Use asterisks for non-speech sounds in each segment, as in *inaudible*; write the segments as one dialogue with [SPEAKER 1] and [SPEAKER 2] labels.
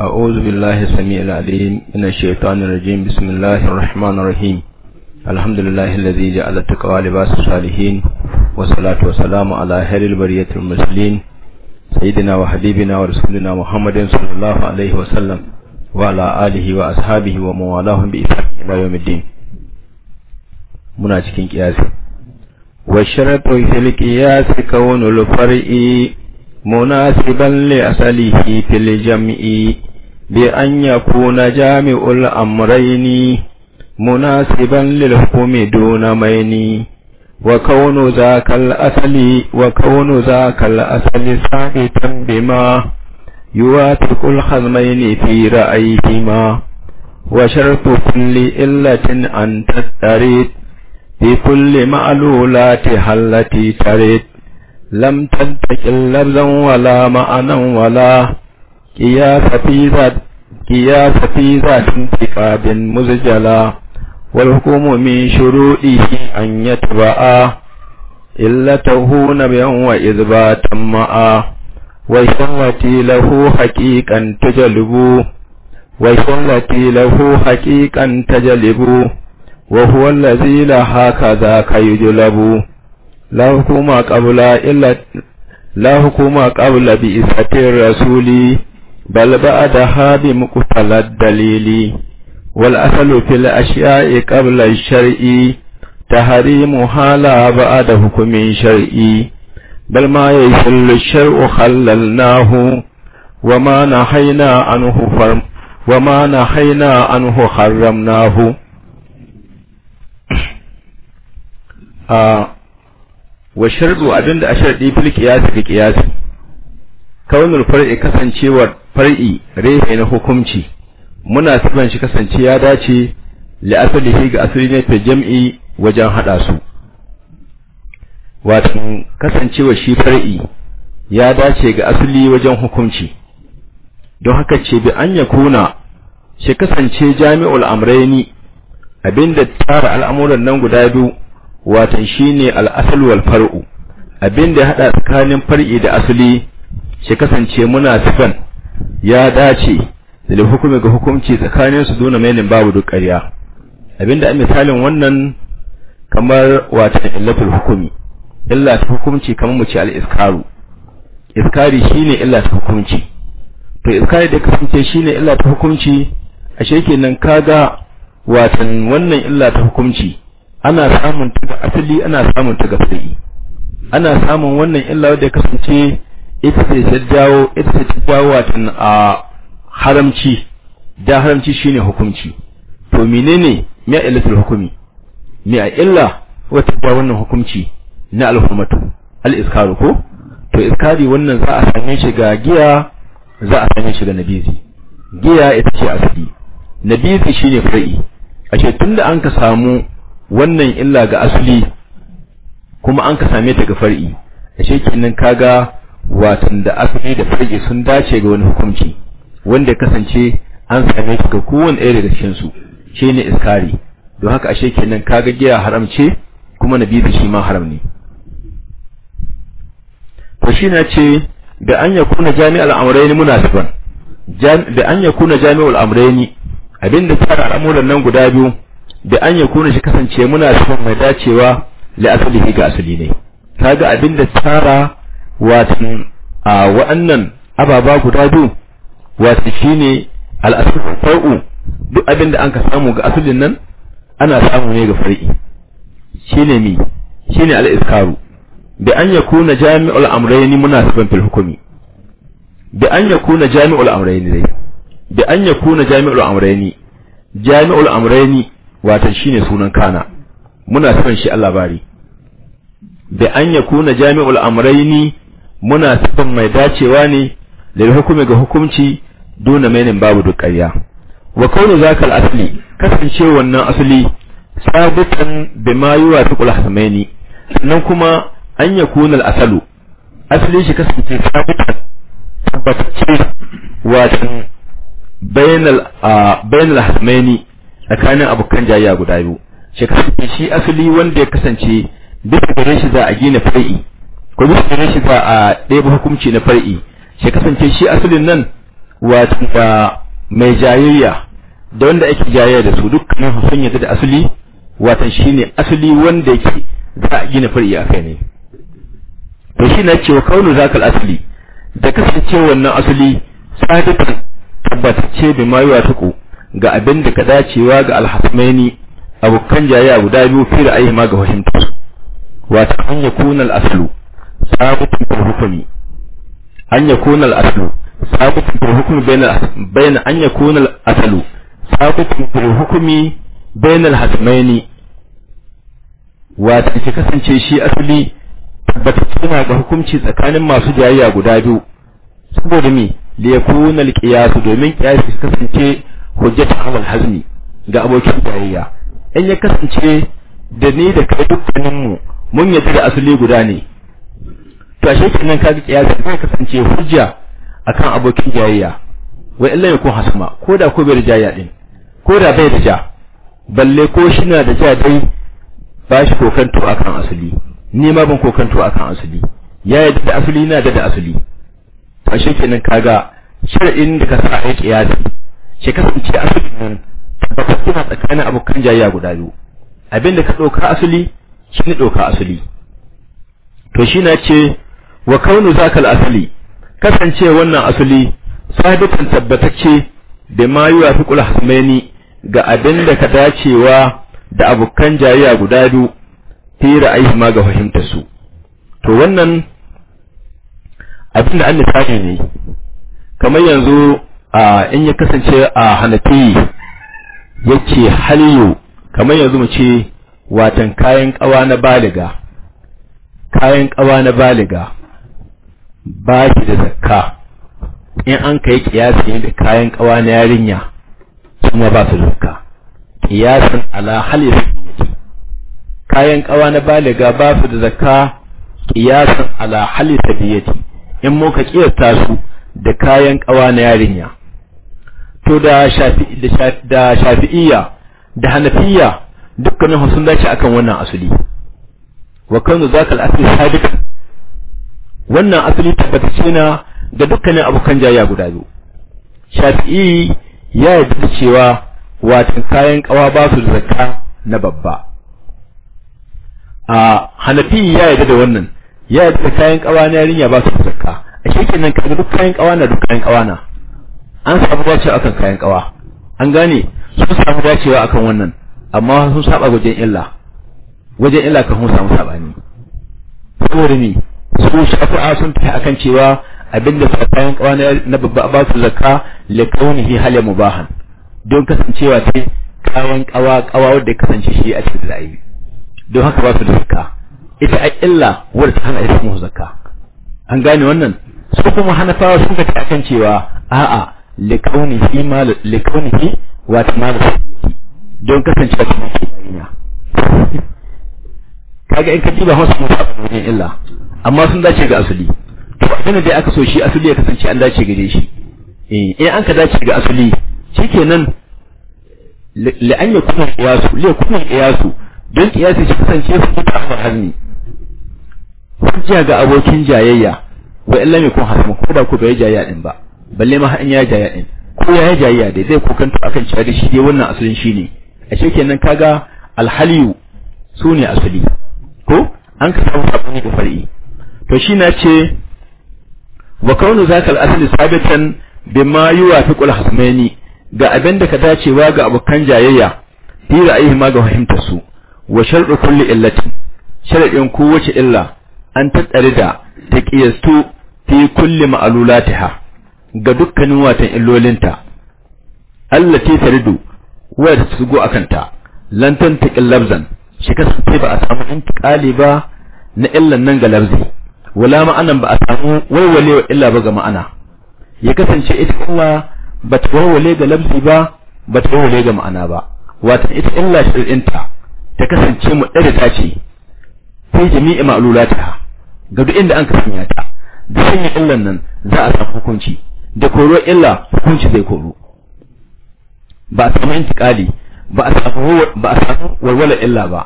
[SPEAKER 1] أعوذ بالله السميع العليم من الشيطان الرجيم بسم الله الرحمن الرحيم الحمد لله الذي جعل التقوى لباس الصالحين والصلاة والسلام على أهل البرية المرسلين سيدنا وحبيبنا ورسولنا محمد صلى الله عليه وسلم وعلى آله وأصحابه وموالاهم بإحسان إلى يوم الدين مناسك قياس والشرط في القياس كون الفرع مناسبا لأصله في الجمع بأن يكون جامع الأمرين مناسبا للحكم دون مين وكون ذاك الأصل وكون ذاك الأصل ساقطا بما يوافق الخزمين في رأيهما وشرط كل إلة أن تسترد بكل معلولاتها التي ترد لم تتكل لفظا ولا معنى ولا قياس في ذات قياس في ذات انتقاد مزجلا والحكم من شروطه أن يتبعا إلته نبيا وإثباتا معا وشرتي له حقيقا تجلب وشرتي له حقيقا تجلب وهو الذي لها كذاك يجلب la hukuma qabla illa la hukuma qabla bi isatir rasuli bal ba'daha bi muqtalad dalili wal asalu fil ashya'i qabla ash-shar'i tahrimu hala ba'da hukmin shar'i bal ma yashillu ash-shar'u khallalnahu wa ma nahayna anhu farm wa ma nahayna *coughs* wa shardu abinda a sharɗi fil qiyas ga qiyas kaunul far'i kasancewar far'i rehe na hukumci muna siban shi kasance ya dace li shi ga asali ne ta jam'i wajen hada su wato kasancewar shi far'i ya dace ga asali wajen hukumci don haka ce bi an yakuna shi kasance jami'ul amraini abinda tsara al'amuran nan guda biyu watan shine al-asl wal far'u abinda ya hada tsakanin far'i da asali shi kasance sifan ya dace da hukumi ga hukumci tsakanin su dona mailin babu duk ƙarya abinda a misalin wannan kamar watan illatul hukumi illa ta hukumci kamar mu ce al-iskaru iskari shine illa ta hukumci to iskari da kasance shine illa ta hukumci ashe kenan kaga watan wannan illa ta hukunci ana samun ta ga asali ana samun ta ga sai ana samun wannan illa wadda ya kasance ita ce ta jawo ita ce ta jawo watan a haramci da haramci shine hukunci to menene me illatul hukumi me a illa wata ba wannan hukunci na alhumatu al-iskaru ko to iskari wannan za a sanya shi ga giya za a sanya shi ga nabizi giya ita ce asali nabizi shine fa'i a ce tunda an ka samu wannan illa ga asali kuma an ka same ta ga far'i ashe kenan kaga watan da asali da far'i sun dace ga wani hukunci wanda ya kasance an same shi ga kowane ɗaya daga cikin su shine iskari don haka ashe kenan kaga giya haram ce kuma nabi da shi ma haram ne to shi na ce da an yakuna jami'al amrayn munafiban da an yakuna jami'ul amrayn abinda tsara al'amuran nan guda biyu da an ya kuna shi kasance muna son mai dacewa li asalihi ga asali ne kaga abin da tsara watan a waɗannan ababa guda biyu wato shine al-asl far'u duk abin da an ka samu ga asalin nan ana samu ne ga fari'i shine mi shine al-iskaru da an kuna jami'ul muna munasiban fil hukumi da an kuna jami'ul amrayni dai da an kuna jami'ul amrayni jami'ul amrayn watan shine sunan kana muna son shi Allah bari bi an yakuna jami'ul amrayni muna son mai dacewa ne da hukumi ga hukumci dona mainin babu duk wa kaunu zakal asli kasance wannan asali sabitan bima yuwa tuqul hasamaini sannan kuma an yakuna asalu asali shi kasance sabitan tabbatacce wa bainal bainal hasamaini tsakanin abokan jayayya guda biyu shi kasance shi asali wanda ya kasance bisa gare shi za a gina fari'i ko bisa gare shi za a ɗaya hukunci na fari'i shi kasance shi asalin nan wato ba mai jayayya da wanda ake jayayya da su dukkanin sun yadda da asali watan ne asali wanda yake za a gina fari'i a kai ne to shi na cewa kaunu zakal asali da kasancewa wannan asali sadifan tabbatacce bi mayuwa ta ku ga abin da ka dacewa ga alhasmaini abokan jayayya guda biyu fi ra'ayi ma ga fahimtar wata an ya kuna al'aslu sabutun fil hukumi an ya kuna al'aslu sabutun fil hukumi bayan an ya kuna al'aslu sabutun fil hukumi bayan alhasmaini wata ki kasance shi asali tabbatacce ga hukunci tsakanin masu jayayya guda biyu saboda me da ya domin ƙiyasi kasance hujjata awal hazmi ga abokin tarayya in ya kasance da ni da kai dukkanin mu mun yadda da asali guda ne to ashe kenan kaga kiyasi zai kasance hujja akan abokin wai wa illa ko hasma ko da ko bai da jayayya din ko da bai da ja balle ko shi na da ja dai ba shi kokanto akan asali ni ma ban kokanto akan asali ya yadda da asali na da da asali ashe kenan kaga shar'in da ka sa ai kiyasi ke kasance asali nan tabbatar suna tsakanin abokan jayayya guda biyu abinda ka ɗauka asali shi ne ɗauka asali to shi na ce wa kaunu zakal asali kasance wannan asali sabitan tabbatacce da ma yi wafi kula hasmaini ga abinda ka dacewa da abokan jayayya guda biyu ta yi ma ga fahimtar su to wannan abinda da an lissafi ne kamar yanzu in ya kasance a hanafi yake haliyu kamar yanzu mu ce watan kayan kawa na baliga kayan kawa na baliga ba shi da zakka in an kai kiyasi da kayan kawa na yarinya kuma ba su zakka kiyasin ala halis kayan kawa na baliga ba su da zakka kiyasin ala halis biyati in muka kiyasta su da kayan kawa na yarinya to da shafi'iyya da hanafiya dukkanin sun dace akan wannan asali wa kanu zakal asli sadiq wannan asali tabbatacce na da dukkanin abokan jayya guda biyu shafi'i ya yarda cewa watan kayan kawa ba su zakka na babba a hanafi ya yarda da wannan ya yarda kayan kawa na yarinya ba su zakka a shekenan kaga duk kayan kawa na duk kayan kawa na an samu dacewa akan kayan kawa an gane sun samu dacewa akan wannan amma sun saba wajen illa wajen illa kan sun samu sabani saboda ne su shafi'a sun tafi akan cewa abinda da kayan kawa na babba ba su zakka li kaunihi hal mubahan don kasancewa sai kayan kawa kawa wanda ya kasance shi a cikin ra'ayi don haka ba su da zakka ita a illa wadda ta hana ita mu zakka an gane wannan su kuma hanafawa sun tafi akan cewa a'a likaunihi ma likaunihi wa tamamu don kasance a cikin bayina kaga in ka ba wasu mun saba ne illa amma sun dace ga asali to abin da aka so shi asali ya kasance an dace gare shi eh, in an ka dace ga asali shikenan la an yakuna qiyasu la yakuna qiyasu don qiyasi shi kasance su ta amar hazmi hujja ga abokin jayayya wa illa mai kun hasmu ko da ku bai jayayya din ba balle ma in ya jaya din ko ya jayayya dai zai kokanto akan cewa shi dai wannan asalin shi ne ce kenan kaga alhaliyu su ne asali ko an ka samu sabon da far'i to shi na ce wa kaunu zaka al sabitan bima kul hasmani ga abin da ka dacewa ga abokan jayayya fi ra'ayi ma ga fahimtar su wa sharɗu kulli illatin sharadin kowace illa an tattare da ta qiyastu fi kulli ma'lulatiha ga dukkanin watan illolinta Allah allati taridu wa ta tsugo akanta lantan tantaqil labzan shi kasance ba a samu intiqali ba na illan nan ga labzi wala ma'anan ba a samu wa illa ba ga ma'ana ya kasance ita illa ba ta walwale ga labzi ba ba ta walwale ga ma'ana ba Watan ita illa shir'inta ta kasance mu ɗaya ta ce sai jami'i ma'lulata ga duk inda an kasanya ta da sanya illan nan za a samu hukunci da koro illa hukunci zai koro ba a samu intikali ba a samu ba a samu walwala illa ba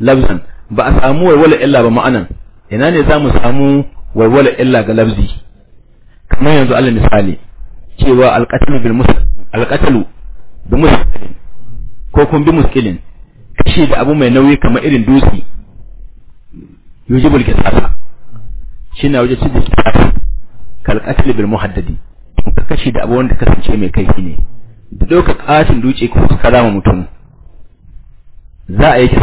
[SPEAKER 1] lafzan ba a samu walwala illa ba ma'anan ina ne za mu samu walwala illa ga lafzi kamar yanzu allah misali cewa alqatlu bil muslim alqatlu bi muslim ko kun bi muskilin kashi da abu mai nauyi kamar irin dutse yujibul kisasa shi na wajen cikin kisasa kalqatlu bil muhaddadi ka kashe da abu wanda kasance mai kaifi ne da ɗauka katin duce ko ka kama mutum za a yi ce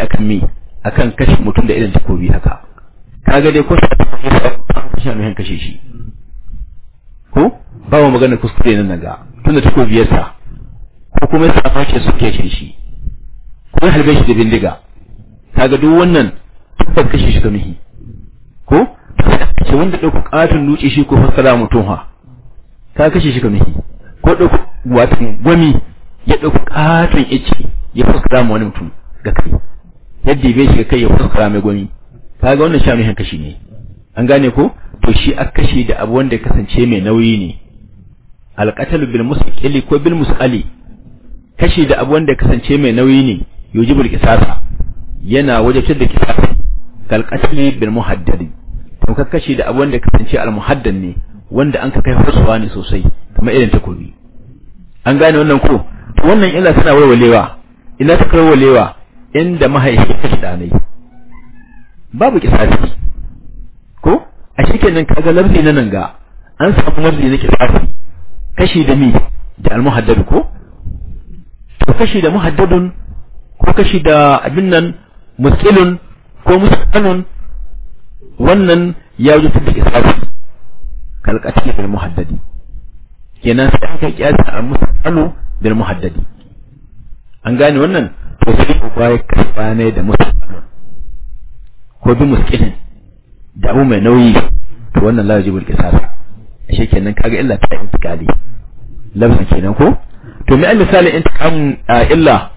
[SPEAKER 1] a kan mi kan kashe mutum da irin takobi haka kaga dai ko sa ta kashe kashe mai kashe shi ko ba mu magana kuskure nan naga da takobi ya sa ko kuma ya sa fashe su kashe shi ko halbe shi da bindiga ga duk wannan tabbas kashe shi ga mihi ko shi wanda ɗauka ƙaton dutse shi ko fassara mutum ha ka kashe shi ka nufi ko ɗauka watan gwami ya ɗauka ƙaton ice ya fassara ma wani mutum ga kai yadda bai shiga kai ya fassara mai gwami ka ga wannan sha mihin kashi ne an gane ko to shi a kashe da abu wanda ya kasance mai nauyi ne alƙatalu bil musaƙili ko bil musaƙali kashi da abu wanda ya kasance mai nauyi ne yujibul kisasa yana wajabtar da kisasa kal bil muhaddadi to ka kashe da abu wanda ya kasance almuhaddan ne wanda an ka kai harsuwa ne sosai kamar irin takobi an gane wannan ko to wannan illa tana warwalewa ina ta karwalewa inda mahaifi ya da ne babu kisasi ko a nan kaga lafzi na nan ga an samu lafzi na kisasi kashi da mi da almuhaddad ko ko kashi da muhaddadun ko kashi da abin nan muskilun ko muskanun wannan ya wuce ta dake tsafi kalkati bil muhaddadi kenan sai aka kiyasa a musalu bil muhaddadi an gane wannan to sai uba ya karba ne da musalu ko bi muskilin da abu mai nauyi to wannan la yajibul qisas ashe kenan kaga illa ta intikali lafsin kenan ko to mai misalin intiqam illa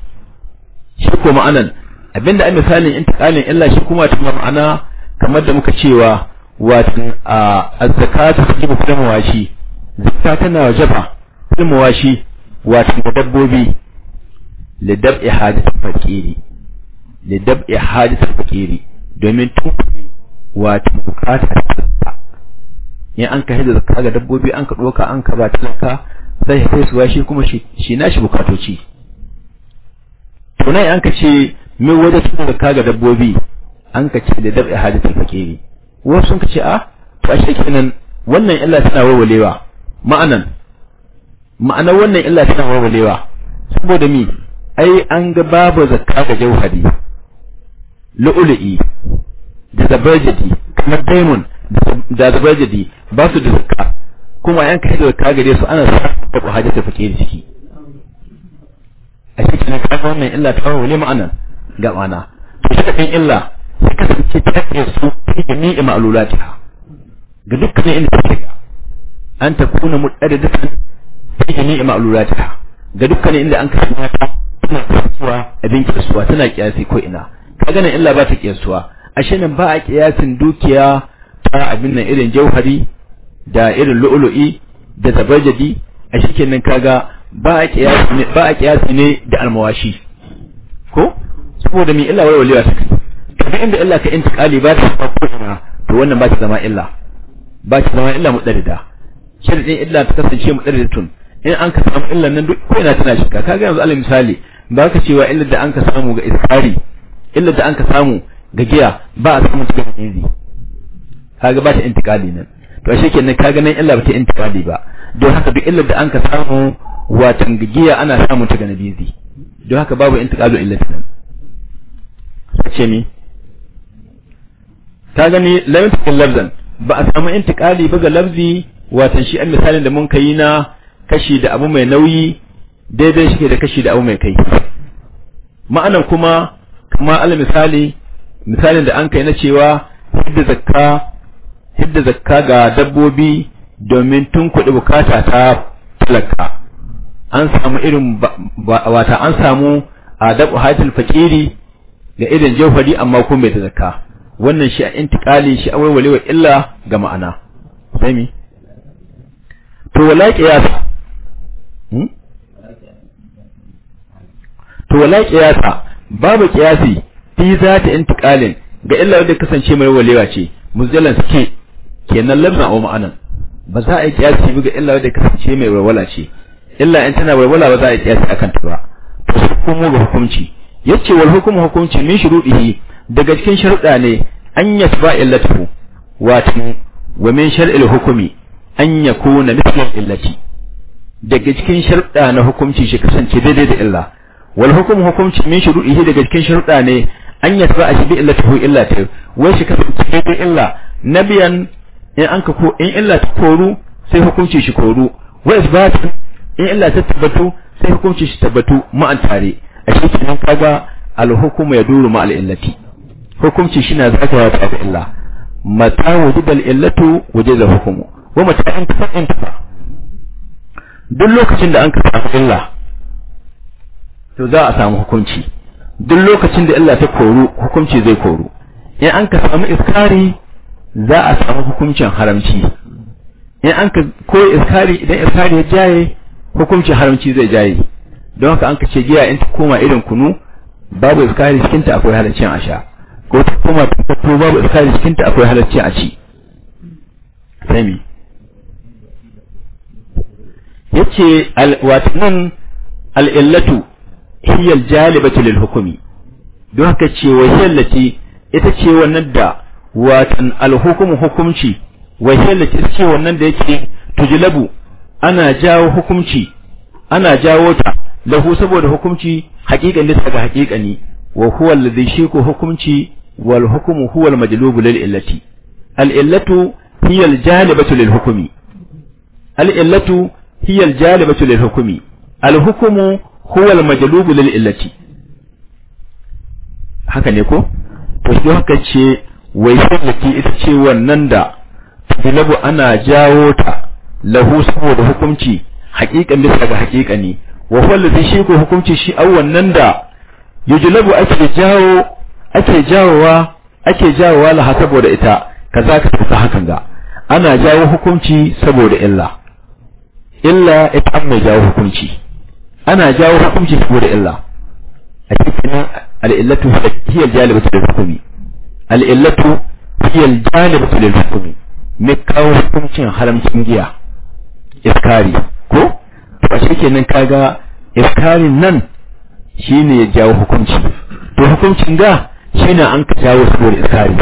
[SPEAKER 1] shi ko ma'anan abinda ai misalin intiqalin illa shi kuma ta ma'ana kamar da muka cewa wato a azzakatu tajibu fil mawashi zakka tana wajaba fil mawashi wato da dabbobi li dab'i hajati fakiri li dab'i hajati fakiri domin tufi watan bukata in an ka hidda zakka ga dabbobi an ka doka an ka ba talaka sai sai su washi kuma shi shi nashi bukatoci to nan an ka ce me wajen zakka ga dabbobi an ka ce da dab'i hajjatul faqiri wasu sun ce a ah, to ashe kenan wannan illa tana wawalewa ma'anan ma'anar wannan illa tana wawalewa saboda mi ai an ga babu zakka ga jauhari lu'lu'i da zabajadi kamar diamond da zabajadi ba su da zakka kuma yan kai zakka gare su ana sa ta hajjatul faqiri ciki a cikin kafa wannan illa ta wawale ma'anan ga ma'ana to shi illa ya kasance ta hanyar su ta fi jami'i ma'lulatiha ga dukkanin inda ta shiga an ta kuna muɗaddadatan fi jami'i ma'lulatiha ga dukkanin inda an kasance ta tana kasuwa abin kasuwa tana kiyasi ko ina Ka nan illa ba ta kiyasuwa ashe nan ba a kiyasin dukiya ta abin nan irin jauhari da irin lu'ulu'i da zabajadi a shikin nan kaga ba a kiyasi ne da almawashi ko saboda mai illa walwalewa ta kai duk inda illa ka intiqali ba ta ko kuma to wannan ba ta zama illa ba ta zama illa mudarrida sharadin illa ta kasance mudarridatun in an ka samu illa nan duk ko ina tana shiga kaga yanzu alal misali ba ka cewa illa da an ka samu ga iskari illa da an ka samu ga giya ba a samu cikin hadisi kaga ba ta intiqali nan to ashe kenan kaga nan illa ba ta intiqali ba don haka duk illa da an ka samu watan giya ana samu ta ga nabizi don haka babu intiqalu illa nan ce mi ta gani lam yantaqil lafzan ba a samu intiqali ba ga lafzi watan shi an misalin da mun kai na kashi da abu mai nauyi daidai shi da kashi da abu mai kai ma'anan kuma kuma al misali misalin da an kai na cewa hidda zakka hidda zakka ga dabbobi domin tun kuɗi bukata ta talaka an samu irin wata an samu adabu hajjil fakiri ga irin jauhari amma kuma mai zakka wannan shi a intikali shi a wa illa ga ma'ana sami to wala qiyasa hmm? to wala qiyasa babu ƙiyasi fi ta intikalin ga illa wadda kasance mai walewa ce muzallan suke kenan lamna a ma'anan ba za a yi ƙiyasi ga illa wadda kasance mai walwala ce illa in tana walwala ba za a yi qiyasi a ta ba to hukumu ga hukunci yace wal hukumu hukunci min shuruɗihi daga cikin sharuɗa ne an yasba illatuhu wato wa min shar'il hukumi an yakuna mithlan illati daga cikin sharuɗa na hukunci shi kasance daidai da illa wal hukum hukunci min shuruɗihi daga cikin sharuɗa ne an yasba a shibi illatuhu illatu wai shi kasance daidai illa nabiyan in an ka ko in illa ta koru sai hukunci shi koru wa isbat in illa ta tabbatu sai hukunci shi tabbatu ma'an tare a cikin kenan kaga al hukumu yaduru ma al illati hukunci shi na zaka ya tafi illa mata wujibal illatu wujiba hukumu wa mata in tafa in tafa duk lokacin da an ka tafi illa to za a samu hukunci duk lokacin da illa ta koru hukunci zai koru in an ka samu iskari za a samu hukuncin haramci in an ka koyi iskari idan iskari ya jaye hukuncin haramci zai jaye don haka an ka ce giya in ta koma irin kunu babu iskari cikinta akwai halaccin a sha ko ta koma ta fito babu iska da cikin ta akwai halarci a ci sami. yace al watanan al illatu hiya al jalibatu lil hukmi don haka ce wahiyallati ita ce wannan da watan al hukumu hukumci wahiyallati ita ce wannan da yake tujlabu ana jawo hukumci ana jawo ta lahu saboda hukumci haƙiƙan da ga haƙiƙani wa huwa alladhi shi ko hukumci wal hukmu huwa al majlubu lil illati al illatu hiya al jalibatu lil hukmi al illatu haka ne ko to shi haka ce wai ita ce wannan da tilabu ana jawo ta lahu saboda hukunci haƙiƙan bisa ga haƙiƙani wa huwa shi ko hukunci shi awwan nan da yujlabu ake jawo ake jawowa ake jawowa laha saboda ita kaza ka ta hakan ga ana jawo hukunci saboda illa illa ita an mai jawo hukunci ana jawo hukunci saboda illa a cikin al'illatu hiya jalibatu lil hukmi al'illatu hiya jalibatu lil hukmi me kawo hukuncin haramcin giya iskari ko to shi kenan kaga iskarin nan shine ya jawo hukunci to hukuncin ga shi an ka jawo suwar iskari